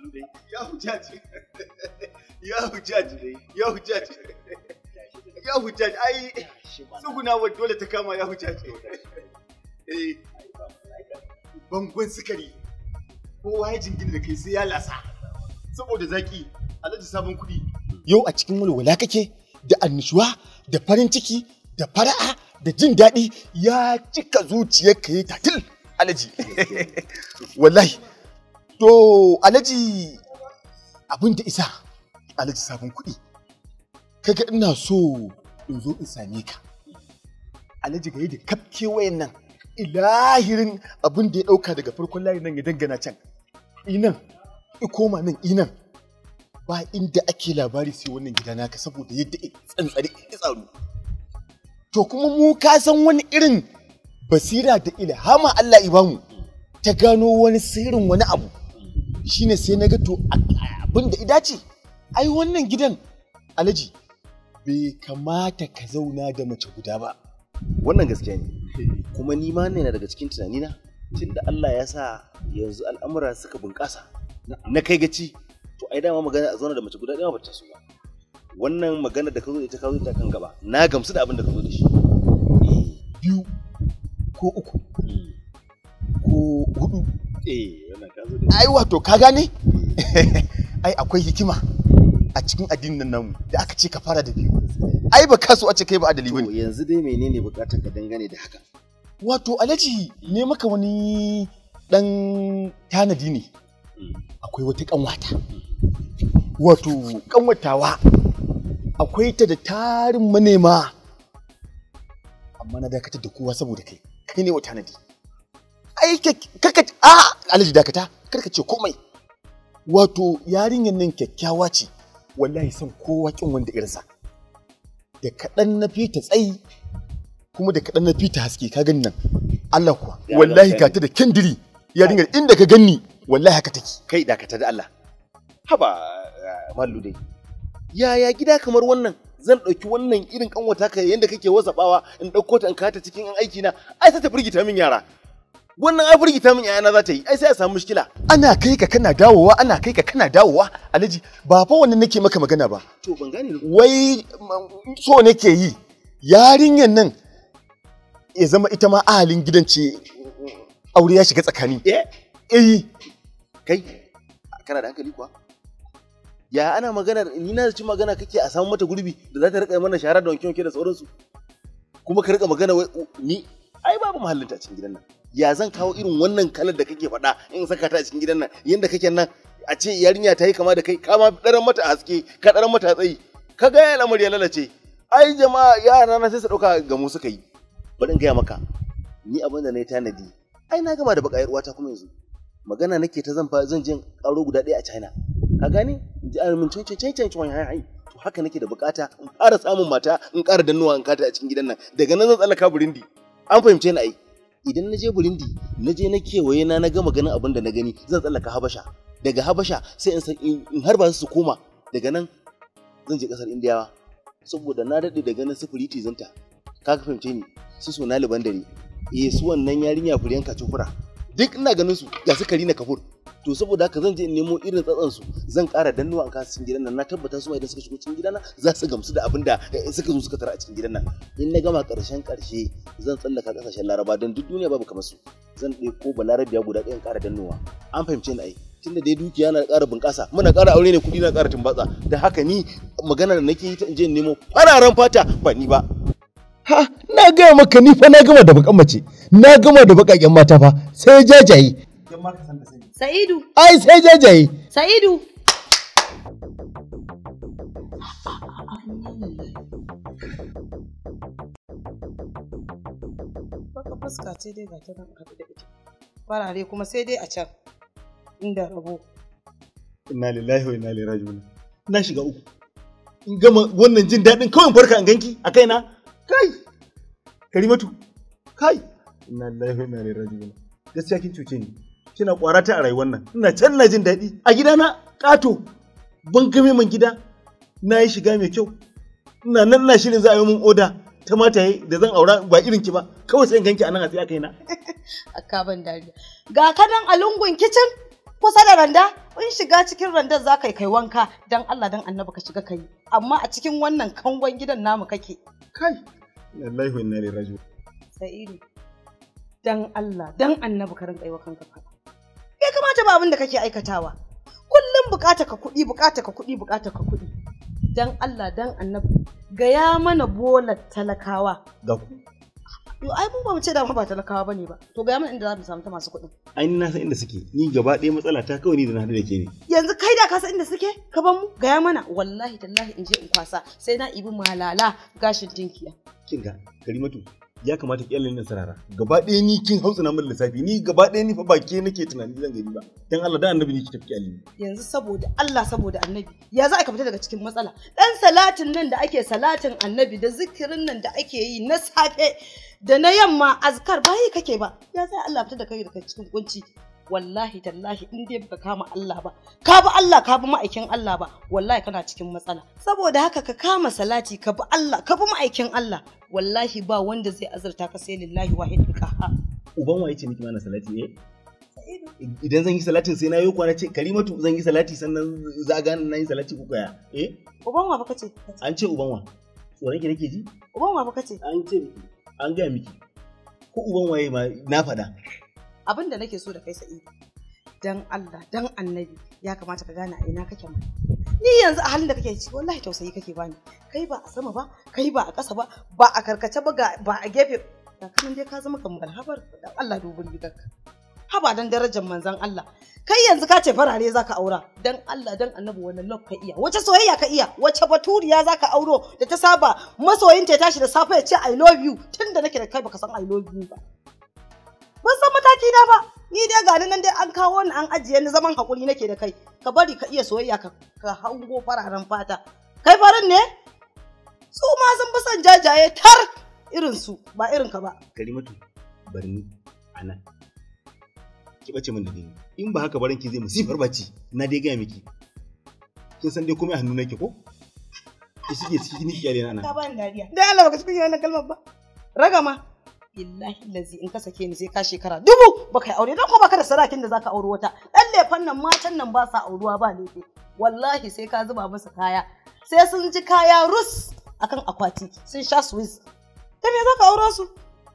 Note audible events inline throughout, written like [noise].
karatu dai ya hujjaji ya hujjaji dai ya ya ai dole ta kama ya eh, bangon sukari kowa ya jingina da kai sai ya lasa saboda zaki alhaji sabon kuɗi yau a cikin walwala kake da annishuwa da farin ciki da fara'a da jin daɗi ya cika zuciyarka ya tatil alaji [laughs] wallahi To Alhaji abin da isa Alhaji sabon kuɗi. Kaga ina so in zo in same ka. Alhaji ga da kafke kewayen nan ilahirin abin da ya ɗauka daga farkon layin nan ya dangana can. Inan, i koma nan inan. Ba inda ake labari sai wannan gida naka saboda yadda tsantsare ya tsaro. To kuma mu ka san wani irin basira da ilhama Allah bamu ta gano wani sirrin wani abu. shine sai na ga to abin da ce ai wannan gidan alaji bai kamata ka zauna da mace guda ba wannan gaskiya ne kuma ni ma ne daga cikin na tunda Allah ya sa yanzu al'amura suka bunƙasa na kai gaci to ai dama magana a zauna da mace guda ɗaya ba ba wannan magana da ka zo da ita ka zo ta kan gaba na gamsu da abin da ka zo da shi eh, biyu ko uku hmm. ko hudu Eh, ai wato ka gane [laughs] ai akwai hikima a cikin addinin namu da aka ce ka fara da biyu ai ba so a ce kai ba adali bane yanzu dai menene bukatar ka dangane da haka wato alaji ne maka wani dan tanadi ne hmm. akwai wata kanwata wato kanwatawa akwai ta da tarin manema amma na dakatar da kowa saboda kai kai ne wa tanadi aike karka a alaji dakata karka ce komai wato yarinyar nan kyakkyawa ce wallahi san kowa kin wanda irinsa da kaɗan na fita tsayi kuma da kaɗan na fita haske ka gani nan Allah kuwa wallahi ka ta da kendiri yarinyar inda ka ganni wallahi haka take kai dakata da Allah haba eh, mallu dai yaya gida kamar wannan zan ɗauki wannan irin kanwata ka yadda kake wasaɓawa in ɗauko ta in kata cikin aiki na ai ta firgita min yara wannan Afirki firgita min na za ta yi ai sai a samu mushkila ana kai ka kana dawowa ana kai ka kana dawowa alhaji ba fa wannan nake maka magana ba to ban gane wai mm, so nake yi yarinyan nan ya zama ita ma ahalin gidan ce aure ya shiga tsakani eh eh kai kana da hankali kuwa ya ana magana ni na ci magana kake a samu mata gurbi da za ta rika mana shara da wanke-wanke da sauransu kuma ka rika magana oh, ni ai babu mahallinta cikin gidan nan ya zan kawo irin wannan kalar da kake faɗa in saka ta a cikin gidan nan yanda kake nan a ce yarinya ta yi kama da kai kama daren mata haske ka daren mata tsayi ka ga ya lamar ya lalace ai jama'a yara na sai su ɗauka ga mu suka yi bari in gaya maka ni abin da na yi tanadi ai na gama da baka uwata kuma yanzu magana nake ta zan fa zan je ƙaro guda ɗaya a China ka gane ji a mun cin cin to haka nake da bukata in fara samun mata in ƙara dannuwa in kata a cikin gidan nan daga nan zan tsallaka Burundi an fahimce ni ai idan na je Burundi na je na kewaye na na gama ganin abin da na gani zan tsallaka Habasha daga Habasha sai in san in har ba su koma daga nan zan je kasar Indiyawa saboda na daɗe da ganin sufuri tizanta ka fahimce ni su so na liban dare eh su wannan yarinya furiyan kacufura duk ina ganin su ga su na Kafur to saboda haka zan je in nemo irin tsatsan su zan ƙara dannuwa an kasa cikin gidan nan na tabbata su idan suka shigo cikin gidan nan za su gamsu da abin da eh, suka zo suka tara a cikin gidan nan in na gama ƙarshen ƙarshe zan tsallaka ƙasashen laraba don duk duniya babu kamar su zan ɗauko balarabiya guda ɗaya in ƙara dannuwa an fahimce ni ai tunda dai dukiya na ƙara bunƙasa muna ƙara aure ne kuɗi na ƙara tumbatsa da haka ni magana da nake yi ta je nemo fararen fata ba ni ba ha na gaya maka ni fa na gama da bakan mace na gama da bakaken mata fa sai jajaye Sa'idu. Ai sai jajaye. Sa'idu. Baka fuska ce dai ga ta nan a da ita. Farare kuma sai dai a can inda rabo. Inna lillahi wa inna ilaihi raji'un. Na shiga uku. In gama wannan jin daɗin kawai farka in ganki a kaina. Kai! Karimatu. Kai! Inna lillahi wa inna ilaihi raji'un. Gaskiya kin cuce ni. kina kwarata a rayuwar nan ina can na jin daɗi a gida na, ƙato ban game man gida na yi shiga mai kyau ina nan na shirin za a yi mun oda ta mataye da zan aura ba irin ki ba kawai sai ganki a nan a tsaya kai na akka [laughs] ban dariya ga kadan a lungun kicin kusa da randa in shiga cikin randar za ka kai wanka dan Allah dan annabi ka shiga kai amma a cikin wannan kangon gidan namu kake kai wallahi wa inna ilaihi raji'un sa'idu dan Allah dan annabi ka rinka yi wa kanka fada ya kamata ba abin da kake aikatawa kullum bukata ka kuɗi bukata ka kuɗi bukata ka kuɗi dan Allah dan annabi gaya mana bolar talakawa ga ku to ai mu ba mu ce da ba talakawa bane ba to gaya mana inda za mu samu ta masu kuɗin ai na san inda suke ni gaba ɗaya matsala ta kawai ni da na haɗu da ke ne yanzu kai da ka san inda suke ka ban mu gaya mana wallahi tallahi in je in kwasa sai na ibi malala gashin tinkiya ga karimatu ya kamata ki yallin sarara gaba ɗaya ni kin hausa na mun lissafi ni gaba ɗaya ni fa ba ke nake tunani zan gani ba dan Allah da annabi ni ki tafi yallin yanzu saboda Allah saboda annabi ya za a ka fita daga cikin matsala dan salatin nan da ake salatin annabi da zikirin nan da ake yi na safe da na yamma azkar ba yi kake ba ya za Allah fita da kai daga cikin kunci wallahi tallahi in dai baka kama Allah ba ka bi Allah ka bi ma'aikin Allah ba wallahi kana cikin matsala saboda haka ka kama salati ka bi Allah ka bi ma'aikin Allah wallahi ba wanda zai azurta ka sai lillahi wahid qaha uban waye ce miki mana salati ne idan zan yi salatin sai na yi kwana ce karimatu zan yi salati sannan za ga na yi salati ku koya eh uban wa baka ce an ce uban wa tsoron ki nake ji uban wa baka ce an ce an ga miki ko uban waye ma na faɗa abin da nake so da kai sa'i dan Allah dan annabi ya kamata ka gane a ina kake mu ni yanzu a halin da kake ciki wallahi tausayi kake bani kai ba a sama ba kai ba a ƙasa ba ba a karkace ba ba a gefe da kanin dai ka zama kamar habar dan Allah dubun gidanka haba dan darajar manzon Allah kai yanzu ka ce farare zaka aura dan Allah dan annabi wannan love ka iya wace soyayya ka iya wace baturiya zaka auro da ta saba masoyinta ya tashi da safe ya ce i love you tunda nake da kai baka san i love you ba ban san mataki na ba ni dai gani nan dai an kawo ni an ajiye ni zaman hakuri nake da kai ka bari ka iya soyayya ka hango fararen fata kai farin ne su ma sun fi son jajaye tar irin su ba irin ka ba karimatu barni anan ki bace min da ni in ba haka barin ki zai musifar bacci na dai gaya miki kin san dai komai a hannu nake ko ki sike sike ni ki na nan ka ban dariya dai Allah baka cikin wannan kalmar ba ragama billahi lazi in ka sake ni sai ka shekara dubu baka aure don ko baka da sarakin da zaka auri wata dan lefan nan matan nan ba sa auruwa ba lefe wallahi sai ka zuba musu kaya sai sun ji kaya rus akan akwati sun sha swiss ta me zaka auro su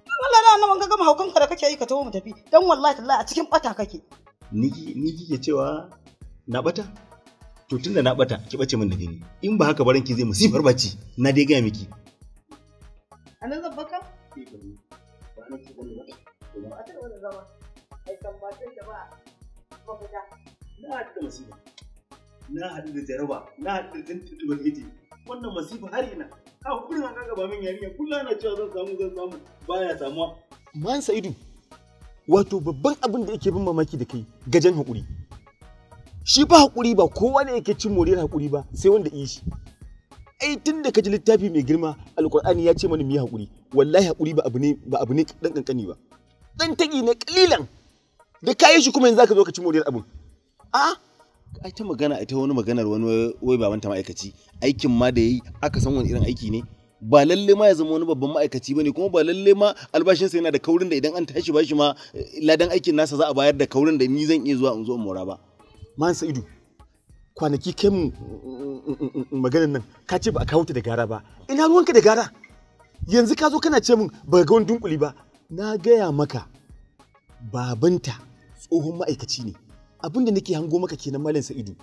wallahi na annaban ga gama haukan ka da kake yi ka tawo mu tafi dan wallahi tallahi a cikin bata kake ni ni kike cewa na bata to tunda na bata ki bace min da gani in ba haka baranki zai musibar baci na dai gaya miki anan zabbaka eh, na ci gani ba. Ba ta wani zama, ai kan ba ba mafita. Na haɗu da masifa, na haɗu da jaraba, na haɗu da tuntuɓar hiji. Wannan masifa har ina, a kullum a kaga ba min yarinya, kullum ana cewa zan samu zan samu baya samuwa. Man Sa'idu, wato babban abin da yake bin mamaki da kai gajen haƙuri. Shi ba haƙuri ba kowa ne yake cin moriyar haƙuri ba sai wanda iya shi. ai tun da ka ji littafi mai girma alkur'ani ya ce mana mu yi haƙuri wallahi hakuri ba abu ne ba abu ne dan kankani ba dan tagi ne kalilan da kayi shi kuma yanzu zaka zo ka ci moriyar abun a ai ta magana ai ta wani maganar wani wai baban ta ma'aikaci aikin ma da yayi aka san wani irin aiki ne ba lalle ma ya zama wani babban ma'aikaci bane kuma ba lalle ma albashinsa yana da kaurin da idan an tashi bashi ma eh, ladan aikin nasa za a bayar da kaurin da ni zan iya zuwa in zo in mora ba man ido kwanaki kai mu mm, mm, mm, maganar nan ka ce ba a kawo ta da gara ba ina ruwanka da gara yanzu ka zo kana ce min ba ga wani dunkuli ba na gaya maka babanta tsohon ma'aikaci ne abin da nake hango maka kenan malam sa'idu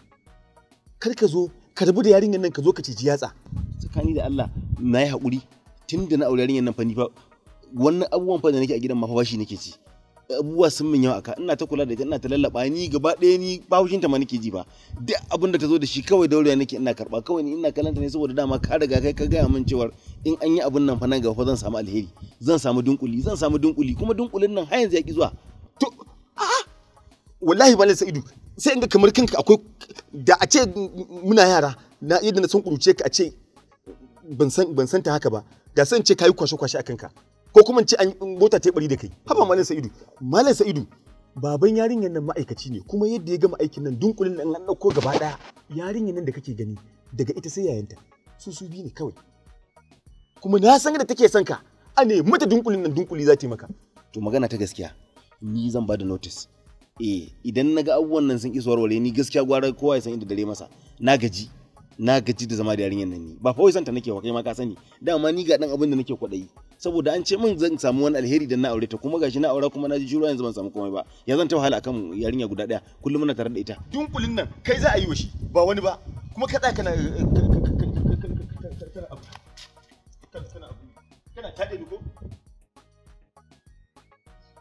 kar ka zo ka rabu da yarinyar nan ka zo ka ciji yatsa tsakani da Allah na yi haƙuri tun da na aure yarinyar nan fa ni fa wannan abubuwan fa da nake a gidan ma fa bashi nake ci abubuwa sun min yawa aka ina ta kula da ita ina ta lallaba ni gaba ɗaya ni ba haushin ta ma nake ji ba duk abin da ta zo da shi kawai daurewa nake ina karba kawai ni ina kallanta ne saboda dama ka riga kai ka gaya min cewar in an yi abin nan fa nan gaba zan samu alheri zan samu dunkuli zan samu dunkuli kuma dunkulin nan har yanzu ya ki zuwa to a wallahi malam sa'idu sai in ga kamar kanka akwai da a ce muna yara na yadda na san kuruce ka a ce ban san ta haka ba ga san ce kayi kwashe-kwashe a kanka ko kuma ce an mota ta bari da kai haba malam sa'idu malam sa'idu baban yarinyar nan ma'aikaci ne kuma yadda ya gama aikin nan dunkulin nan an ɗauko gaba ɗaya yarinyar nan da kake gani daga ita sai yayanta su su biyu ne kawai kuma na san da take son ka a ne mata dunkulin nan dunkuli za ta yi maka to magana ta gaskiya ni zan ba da notice eh idan na ga abubuwan nan sun iso warware ni gaskiya gwara kowa ya san inda dare masa na gaji na gaji da zama da yarinyar nan ne ba fa wai santa nake wa kai ma ka sani dama ni ga dan abin da nake kwadayi saboda an ce min zan samu wani alheri dan na aure ta kuma gashi na aura kuma na ji juro yanzu ban samu komai ba ya zan ta wahala akan yarinya guda daya kullum muna tare da ita dunkulin nan kai za a yi wa shi ba wani ba kuma ka na kana kana taɗe ni ko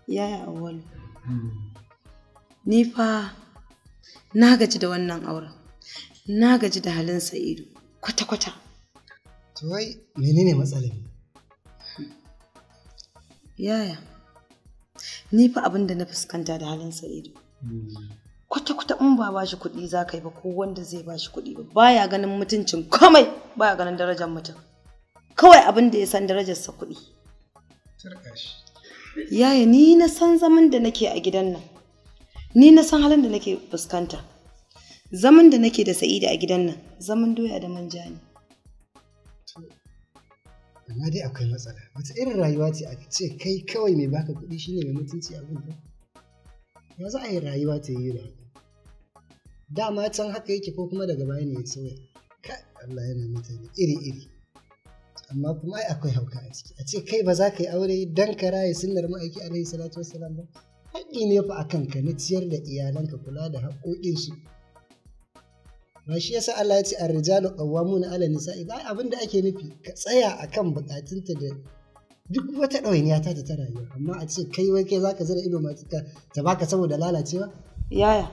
yaya awwal ni fa na gaji da wannan auren na gaji da halin sa'idu kwata-kwata to wai menene matsalin? yaya ni fa abin da na fuskanta da halin sa'idu kwata-kwata in ba ba shi kuɗi za ka yi ba ko wanda zai ba shi kuɗi ba baya ganin mutuncin komai baya ganin darajar mutum kawai abin da ya san darajarsa kuɗi yaya ni na san zaman da nake a gidan nan ni na san halin da nake fuskanta zaman da nake da sa'ida a gidan nan zaman doya da manja ne amma dai akwai matsala wata irin rayuwa ce a ce kai kawai mai baka kuɗi shine mai mutunci a gunta ya za a yi rayuwa ta yi da dama can haka yake ko kuma daga baya ne ya sauya ka Allah yana mutane iri-iri amma kuma ai akwai hauka a ciki a ce kai ba za ka yi aure dan ka raye sunnar ma'aiki alaihi salatu wassalam ba haƙƙi ne fa akan ka na ciyar da iyalanka kula da haƙoƙinsu ba shi yasa Allah ya ce ar-rijalu qawwamuna 'ala nisa'i ba abin da ake nufi ka tsaya akan bukatunta da duk wata ɗawainiya ta ta rayuwa amma a ce kai wai kai zaka zira ido masu ta baka saboda lalacewa yaya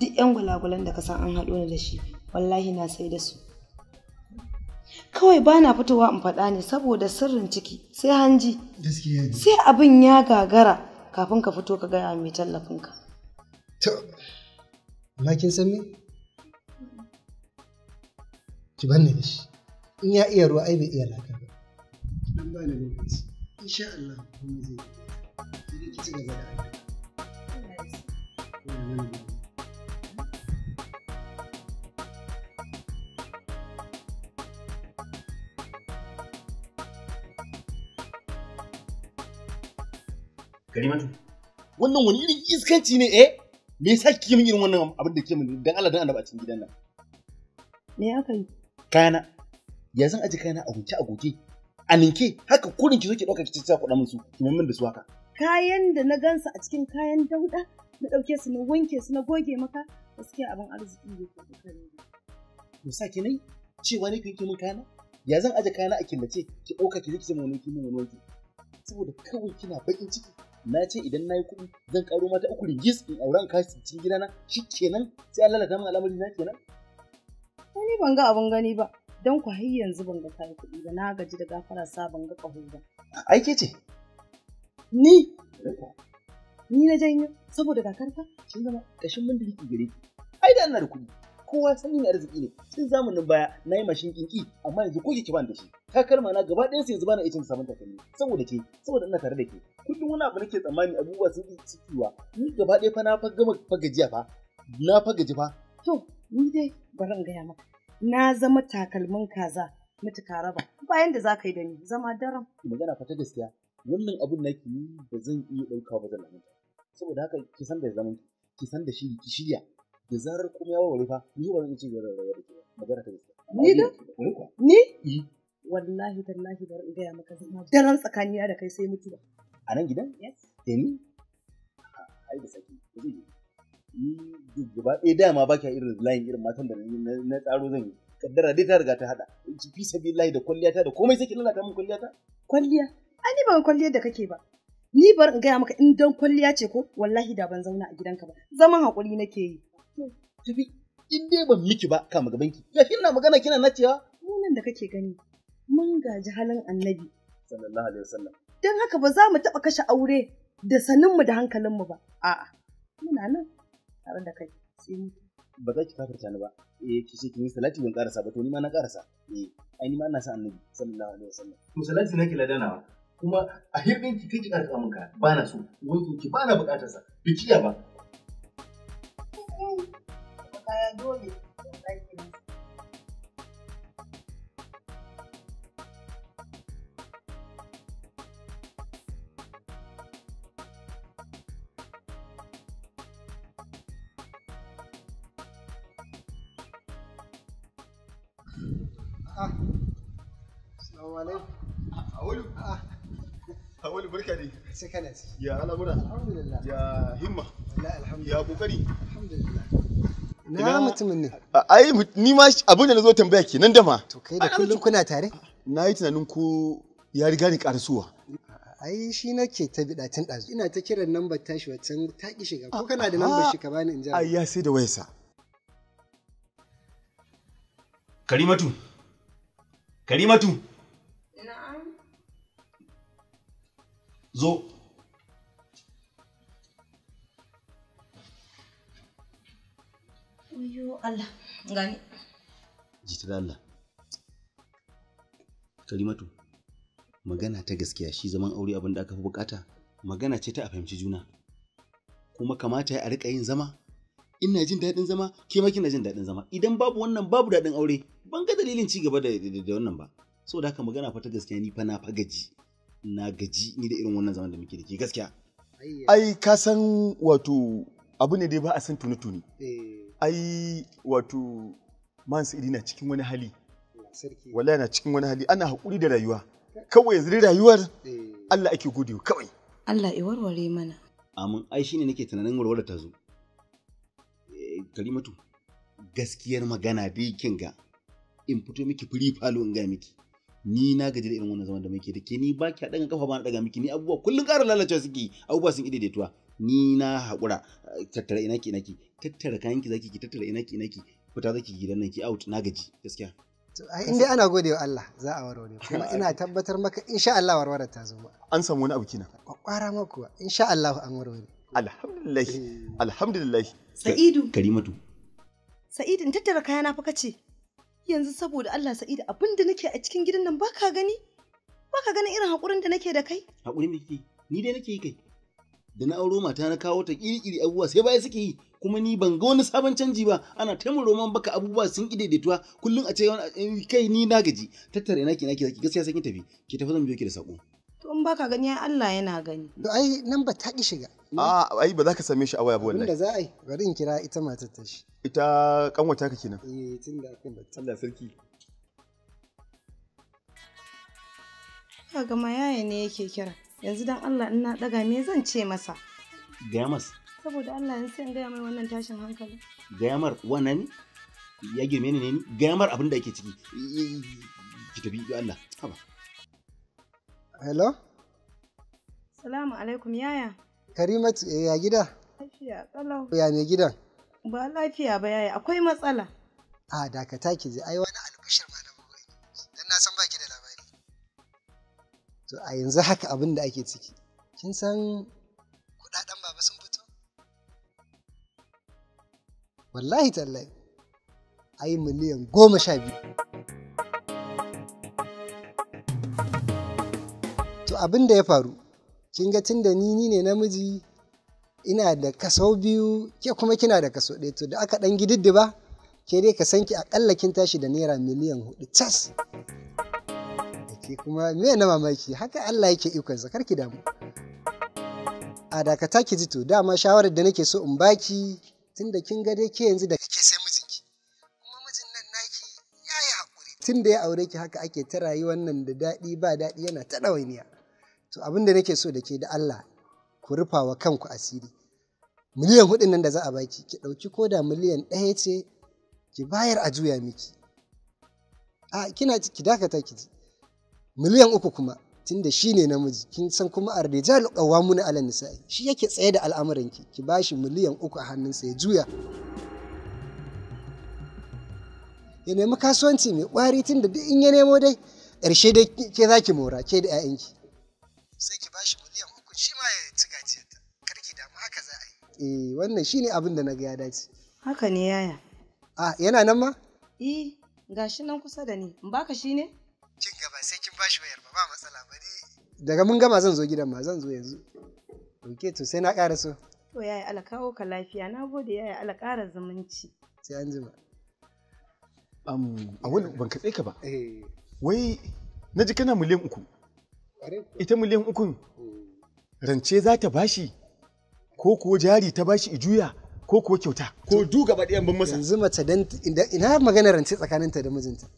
duk yan gulagulan da ka san an haɗo ni da shi wallahi na sai da su kawai ba na fitowa in faɗa ne saboda sirrin ciki sai hanji sai abin ya gagara kafin ka fito ka gaya mai tallafinka to amma kin ki banne da shi in ya iya ruwa ai bai iya laka ba dan ba ni lokaci insha Allah kuma zai yi ki ci gaba da Karimatu. Wannan wani irin iskanci ne eh? Me yasa kike min irin wannan abin da kike min dan Allah dan annabacin cikin gidan nan? Me aka yi? kayana ya zan aje kayana a wuce a goge a ninke haka kurin ki zo ki dauka ki ci kuɗa musu ki min da su haka kayan da na gansa a cikin kayan dauda na dauke su na wanke su na goge maka gaskiya abin arziki ne ko kare ne sa ki nai cewa ne kike mun kayana ya zan aje kayana a killace ki dauka ki zo mun ki mun wanke saboda kawai kina bakin ciki na ce idan na yi kuɗi zan karo mata uku ringis in auren kashi cikin gidana shi kenan sai an lalata min al'amari na kenan wani ban ga abin gani ba don ku har yanzu ban ga kayan kuɗi ba na gaji da gafara sa ban ga ƙaho ba aike ce ni ni na janyo saboda kakarka kin zama kashin mun da kike gare ki ai da ina da kuɗi kowa sani ne arziki ne tun zamanin baya na yi mashin kinki amma yanzu ko ki ban da shi takalma na gaba ɗayan yanzu bana icin samun takalmi saboda ke saboda ina tare da ke kullum wani abu nake tsammani abubuwa sun yi cikiwa ni gaba ɗaya fa na fa gama fa gajiya fa na fa gaji fa to ni dai bari in gaya maka na zama takalmin kaza mutuka raba ba yanda za ka yi da ni zama daram magana fata gaskiya wannan abun na ki da zan iya ɗauka ba zan lamunta saboda haka ki san da zaman ki san da shi ki shirya da zarar kuma ya warware fa ni ba zan ci gaba da rayuwa da ke magana ta gaskiya ni da ni eh. wallahi tallahi bari in gaya maka zama daram tsakanina da kai sai mutuwa a nan gidan yes da ni ai da saki ba zai yi ni gaba ɗaya dama ba kya irin layin irin matan da na tsaro zan yi kaddara dai ta riga ta haɗa. fi sabillahi da kwalliyata da komai sai ki lalata min kwalliyata kwalliya ani ban kwalliya da kake ba ni bar in gaya maka in dan kwalliya ce ko wallahi da ban zauna a gidanka ba zaman hakuri nake yi tafi in dai ban miki ba kama gaban ki ya kina magana kina nacewa? mu nan da kake gani mun gaji halin annabi sallallahu alaihi wasallam Don haka ba za mu taɓa kashe aure da saninmu da hankalinmu ba a'a muna nan abin da kai sai ba za ki kafarta ni ba eh ki ce kin yi salati ban karasa ba to ni ma na karasa eh ai ni ma ina son annabi sallallahu alaihi wasallam to salati nake ladanawa kuma a hirdin ki kike karka min ka ba na so wani ki ba na bukatar sa biki ya ba kaya dole kana ciki ya al'amura alhamdulillah ya himma wallahi alhamdulillah ya kokari alhamdulillah na mutumin ai ni ma abin da na zo tambaya ke nan da ma to kai da kullun kuna tare na yi tunanin ko ya riga ni karasuwa ai shi nake ta bida tun ɗazu ina ta kiran lambar tashi waccan ta ki shiga ko kana da lambar shi ka bani in ji ai ya sai da wayarsa Karimatu Karimatu Na'am Zo Wayo Allah, gani. Jita da Allah. Kalimatu, magana ta gaskiya shi zaman aure abin da aka fi bukata, magana ce ta a fahimci juna. Kuma kamata ya a riƙa yin zama, ina jin daɗin zama, ke ma kina jin daɗin zama. Idan babu wannan babu daɗin aure, ban ga dalilin ci gaba da wannan ba. da haka magana fa ta gaskiya ni fa na fa gaji. Na gaji ni da irin wannan zaman da muke da ke gaskiya. Ai ka san wato abu ne dai ba a san tuni-tuni. Eh. ai wato man sa'idi na cikin wani hali wallahi na cikin wani hali ana haƙuri da rayuwa kawai yanzu rayuwar eh. Allah ake gode kawai Allah ya warware mana amin ai shine nake tunanin warware ta zo eh, kalimatu gaskiyar magana dai kin ga in fito miki firi falo in ga miki ni na gaji da irin wannan zaman da muke da ke ni ba ki daga kafa ba na daga miki ni abubuwa kullun ƙara lalacewa suke abubuwa sun idaidaituwa ni na haƙura tattara inaki inaki tattara ki zaki ki tattara inaki inaki fita zaki gidan nan ki out na gaji gaskiya in dai ana gode wa Allah za a warware kuma ina tabbatar maka insha Allah warware ta zo an samu wani abu kina kwakwara ma kuwa insha Allah an warware alhamdulillah eh. alhamdulillah sa'idu karimatu sa'idu in tattara na fa kace yanzu saboda Allah sa'idu abin da nake a cikin gidan nan baka gani baka gani irin hakurin da nake da kai hakuri me kike ni dai nake yi kai da na auro mata na kawo ta kiri-kiri abubuwa sai baya suke yi kuma ni ban ga wani sabon canji ba ana ta roman baka abubuwa sun ki daidaituwa kullum a ce eh, kai ni na gaji tattare na ki na ki zaki gaskiya sai ki tafi ki tafi zan biyo ki da sako tun baka gani Allah yana gani da ai nan ba ta ki shiga a ai ba za ka same shi a waya ba wallahi inda za a yi bari in kira ita matar ta shi ita kanwata ka kenan eh tunda akan batta Allah sarki kaga ma yaya ne yake kira yanzu don Allah ina daga me zan ce masa Gamas. saboda Allah ya sai gaya mai wannan tashin hankali Gamar wannan ya girme ni ne gamar abin da yake ciki ki tafi ga Allah haba hello salamu alaikum yaya karimatu eh, ya gida lafiya kalau ya me gidan ba lafiya ba yaya akwai matsala a dakata ki ji ai wani to a yanzu haka abin da ake ciki kin san kudaden baba sun fito wallahi tallahi ai miliyan goma sha biyu to abin da ya faru kin ga tun da ni ni ne namiji ina da kaso biyu ke kuma kina da kaso ɗaya to da aka ɗan gididdiba ke dai ka sanki ƙalla kin tashi da naira miliyan hudu tas Ki kuma me na mamaki haka Allah yake sa karki damu. A dakata ki ji to dama shawarar da nake so in baki tunda kin ga dai ke yanzu da kake sai mijinki. Kuma mijin nan naki ya yi Tunda ya aure ki haka ake ta rayuwar nan da daɗi ba daɗi yana ta ɗawainiya. To abin da nake so da ke da Allah ku rufa wa kanku asiri. Miliyan hudun nan da za a baki ki ɗauki koda miliyan ɗaya ce ki bayar a juya miki. A kina ki dakata ki ji. miliyan uku kuma tunda shi ne namiji kin san kuma a rijal qawwamuna ala nisa'i shi yake tsaye da al'amuranki ki ba shi miliyan uku a hannunsa ya juya ya nemi kasuwanci mai kwari tunda duk in ya nemo dai ƙarshe dai ke za ki mora ke da 'ya'yanki sai ki ba shi miliyan uku shi ma ya ci gajiyarta kar ki damu haka za a yi eh wannan shine abin da na ga ya dace haka ne yaya ah yana nan ma eh gashi nan kusa da ni in baka shi ne daga mun gama zan zo gidan ma zan zo yanzu ok to sai na ƙara so to yaya ala kawo ka lafiya na gode yaya ala ƙara zumunci sai an jima a wani ban katse ka ba eh. wai na ji kana miliyan uku ita miliyan ukun hmm. rance za ta bashi ko kuwa jari ta bashi i juya ko kuwa kyauta ko du gaba ɗayan bin masa yanzu mace dan ina magana rance tsakaninta da mijinta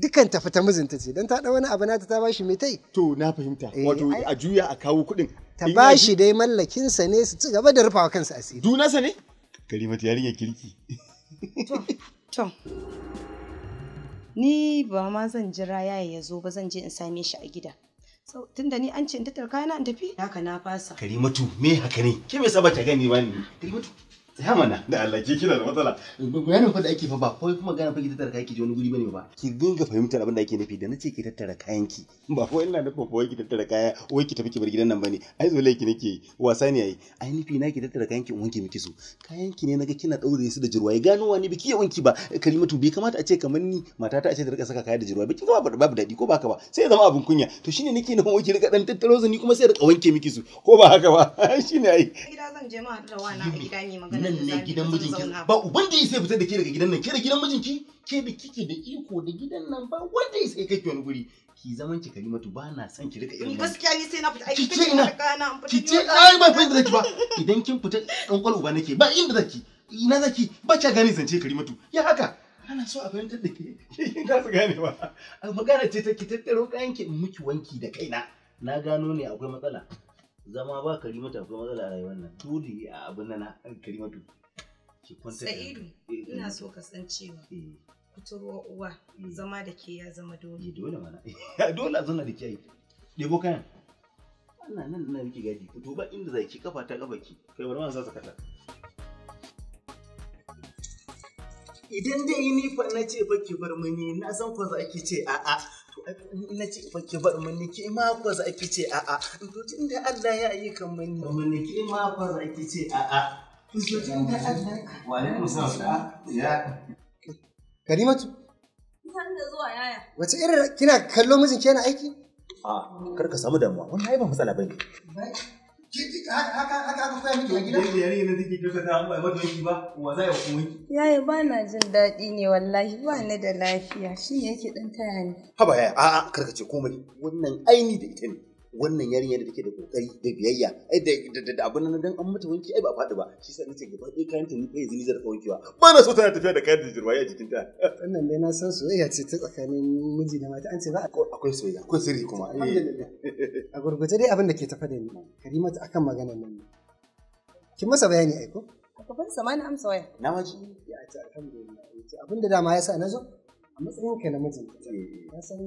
dukan ta fita mijinta ce don ta ɗau wani abu nata ta bashi me tai. To na fahimta eh, wato a juya a kawo kuɗin. Ta bashi dai mallakinsa ne su ci gaba da rufawa kansa asiri. sa ne? Karimatu yarinya kirki. To, ni ba ma zan jira yayi ya zo ba zan je in same shi a gida. Tunda ni an ce in tattar kayana in tafi? Haka na fasa. Karimatu me haka ne? Ke me saba ta gani ba ne? Karimatu. Ya mana da Allah ke kina da matsala. Bayanin fa da ake fa ba ko kuma gana fa ki tattara kayan ki je wani guri bane ba. Ki dinga fahimtar abin da ake nufi da nace ki tattara kayan ki. Ba ko ina nufin ko ki tattara kaya wai ki tafi ki bar gidan nan bane. Ai zo ki nake wasa ne ai. Ai nufi na ki tattara kayan ki in wanke miki su. Kayan ki ne naga kina daure su da jirwaye gano wani biki ya wanki ba. Kalimatu bai kamata a ce kamar ni ta a ce ta rika saka kaya da jirwaye biki ga babu dadi ko baka ba. Sai ya zama abin kunya. To shine nake nufin wai ki rika dan tattaro su ni kuma sai rika wanke miki su. Ko ba haka ba. [laughs] Shine ai. Gida zan je ma da wani a gida mai magana. nan ne gidan mijinki ba uban sai fitar da ke daga gidan nan ke da gidan mijinki ke da kike da iko da gidan nan ba wanda ya sai kake wani guri ki zaman ki kalimatu ba na son ki rika irin gaskiya ni sai na fita aiki kike na ki ce ai ba fita da ki ba idan kin fita dan kwal uba nake ba inda zaki ina zaki ba ta gani zance kalimatu ya haka ana so a fahimtar da ke kin ka su gane ba magana ce ta ki tattaro kayan ki in miki wanki da kaina na gano ne akwai matsala zama ba karimatu akwai matsala a rayuwar nan dole a abin nan an karimatu ki kwanta sa'idu eh, eh. ina so ka san cewa eh. kuturuwa uwa zama da ke ya zama dole dole mana [laughs] dole a zauna da ke yi debo kayan wannan nan na miki gaji fito ba inda zaki kafa ta kafa ki kai bari mana sasa kata idan dai ni fa na ce baki bar mani na san fa za ki ce a'a na ce fa ki bar mun niki ma ko za ki ce a'a to tun da Allah ya yi kan mun ni mun niki ma ko za ki ce a'a to tun da Allah wa ne sa da ya Karimatu san da zuwa yaya wace irin kina kallo mijinki yana aiki a kar ka samu damuwa wannan ai ba matsala bane haka haka aka koya a gida? ta ba wa za ya kuma Yaya ba na jin daɗi ne wallahi ba ni da lafiya shi ne yake ɗan taya ni. Haba yaya a'a karkace komai wannan aini da ita ne. wannan yarinya da take da kokari da biyayya ai da da abin nan dan an mata wanki ai ba faɗi ba shi sa nace gaba ɗaya kayan ta ni kai zini zarafa wankewa ba na so tana tafiya da kayan da jirwaye a ta wannan dai na san soyayya ce ta tsakanin miji da mata an ce za akwai soyayya akwai sirri kuma eh. a gurgurta dai abin da ke tafa da ni karimatu akan maganar nan kin masa bayani aiko gaban sa ma na amsa waya na maji ya ce alhamdulillah abinda dama ya sa na zo a matsayin ka na mijin ka eh. san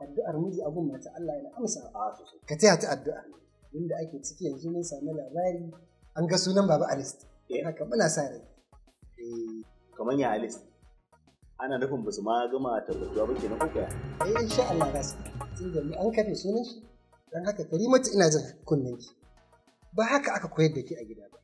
addu'ar miji abun mata Allah yana amsa ka taya ta addu'a inda ake ciki yanzu mun sami labari an ga sunan baba alist eh. haka muna sa rai eh, kamar ya alist ana nufin ba su ma gama tabbatuwa ba kenan kuka eh insha Allah za su tun da an kafe sunan shi dan haka mata ina jin kunnen ki ba haka aka koyar da ki a gida ba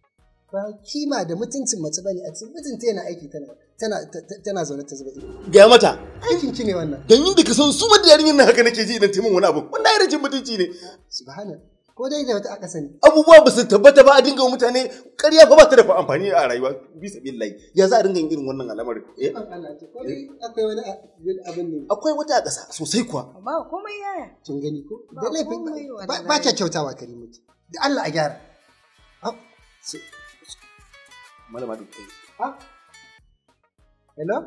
ba kima da mutuncin mace bane a cikin mutunta yana aiki tana tana tana zaune ta zuba ga mata aikin ki ne wannan dan inda ka san su ma da yarinyar nan haka nake ji idan taimun wani abu wannan irin jin mutunci ne subhana ko dai da wata aka sani abubuwa ba su tabbata ba a dinga mutane ƙarya fa ba ta da fa amfani a rayuwa bisa billahi ya za a dinga yin irin wannan al'amarin eh akwai wani abin ne akwai wata a ƙasa sosai kuwa ba komai yaya kin gani ko da laifin ba ta kyautawa karimatu da Allah a gyara malama da ke ha hello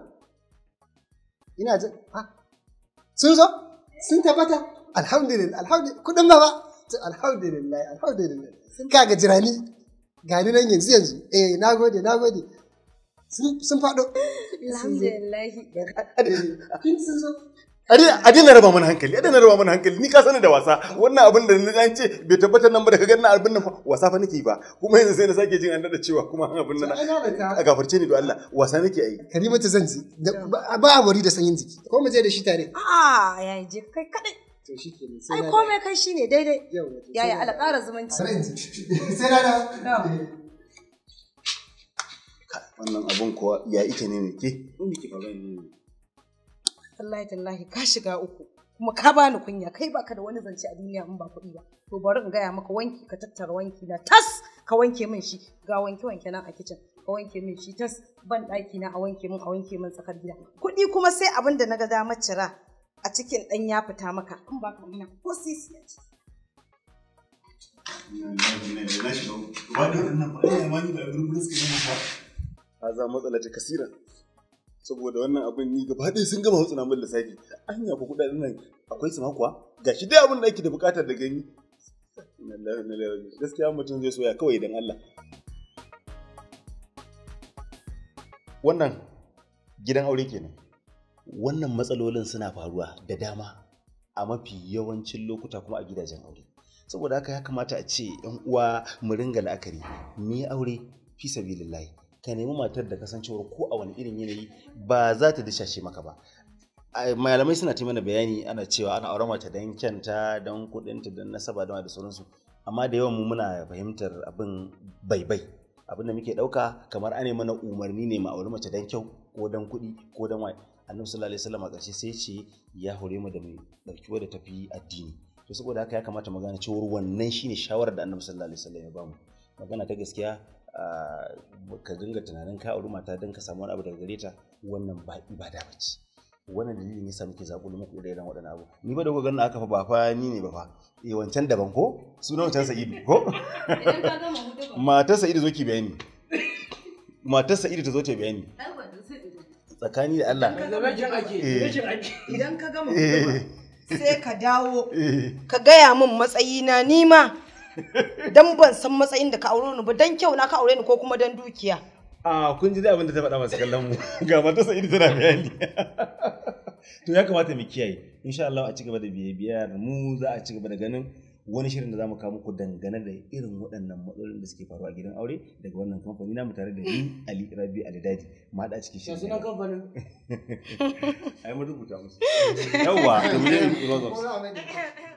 ina ha sun zo sun tabbata alhamdulillah alhamdulillah kudin ba alhamdulillah alhamdulillah sun kaga jirani nan yanzu yanzu eh sun faɗo alhamdulillah sun zo a daina raba mana hankali a daina raba mana hankali ni ka sani da wasa wannan abin da na ce bai tabbatar nan ba da kaga na abin nan wasa fa nake ba kuma yanzu sai na sake jin annada cewa kuma an abin nan a gafarce ni da Allah wasa nake yi karima ta zanci ba a wari da sanyin jiki ko mu je da shi tare a yayi je kai kadai to shi ke sai ai komai kai shine daidai yaya alƙara zumunci sai na wannan abun kuwa ya ike ne ne ke? Ni ke ba ne. tallahi tallahi ka shiga uku. Kuma ka bani kunya kai baka da wani zance a duniya in ba kuɗi ba. To bari in gaya maka wanki ka tattara wanki na tas ka wanke min shi ga wanke wanke nan a kicin. ka wanke min shi tas ban ɗaki na a wanke min a wanke min tsakar gida kuɗi kuma sai abin da na ga damar cira a cikin ɗan ya fita maka in ba ka ina ko sisi ya ci. Haza matsala ta saboda wannan abin ni gaba ɗaya sun gama hutsuna min lissafi an yafa kuɗaɗen nan akwai su kuwa gashi dai abin da ake da buƙatar da gani gaskiya mutum zai soya kawai don Allah wannan gidan aure kenan wannan matsalolin suna faruwa da dama a mafi yawancin lokuta kuma a gidajen aure saboda haka ya kamata a ce yan uwa mu ringa la'akari ni aure fi sabilillahi ka nemi matar da kasancewar ko a wani irin yanayi ba za ta dishashe maka ba malamai suna taimana bayani ana cewa ana auren mace don kyanta don kudinta don nasaba don da sauransu amma da yawan mu muna fahimtar abin bai-bai. abin da muke dauka kamar ane mana umarni ne ma auri mace don kyau ko don kuɗi ko don waye annabi sallallahu alaihi wasallam a ƙarshe sai ce ya hore mu da mai dauki da tafi addini to saboda haka ya kamata mu gane cewa wannan shine shawarar da annabi sallallahu alaihi wasallam ya bamu magana ta gaskiya ka dinga tunanin ka auri mata don ka samu wani abu daga gare ta wannan ba ibada ba ce wannan dalilin yasa muke zakulu muku da irin waɗannan abu ni ba da gogon aka fa ba fa ni ne ba fa e wancan daban ko sunan wancan sa'idu ko matar sa'idu zo ki bayani matar sa'idu ta zo ta bayani tsakani da Allah idan ka gama eh. eh. sai ka dawo ka gaya min matsayina nima dan ban san matsayin da ka aure ni ba dan kyau na ka aure ni ko kuma dan dukiya a kun ji abin da ta faɗa masu kallon mu ga sai Sa'idu tana bayani to ya kamata mu kiyaye insha Allah a ci gaba da biyayya mu za a ci gaba da ganin wani shirin da zamu kawo muku dangane da irin waɗannan matsalolin da suke faruwa a gidan aure daga wannan kamfani namu tare da ni Ali Rabi Ali Dadi ma da cikin shirin. Sunan kamfanin. Ai mu rubuta musu. Yawwa, [laughs]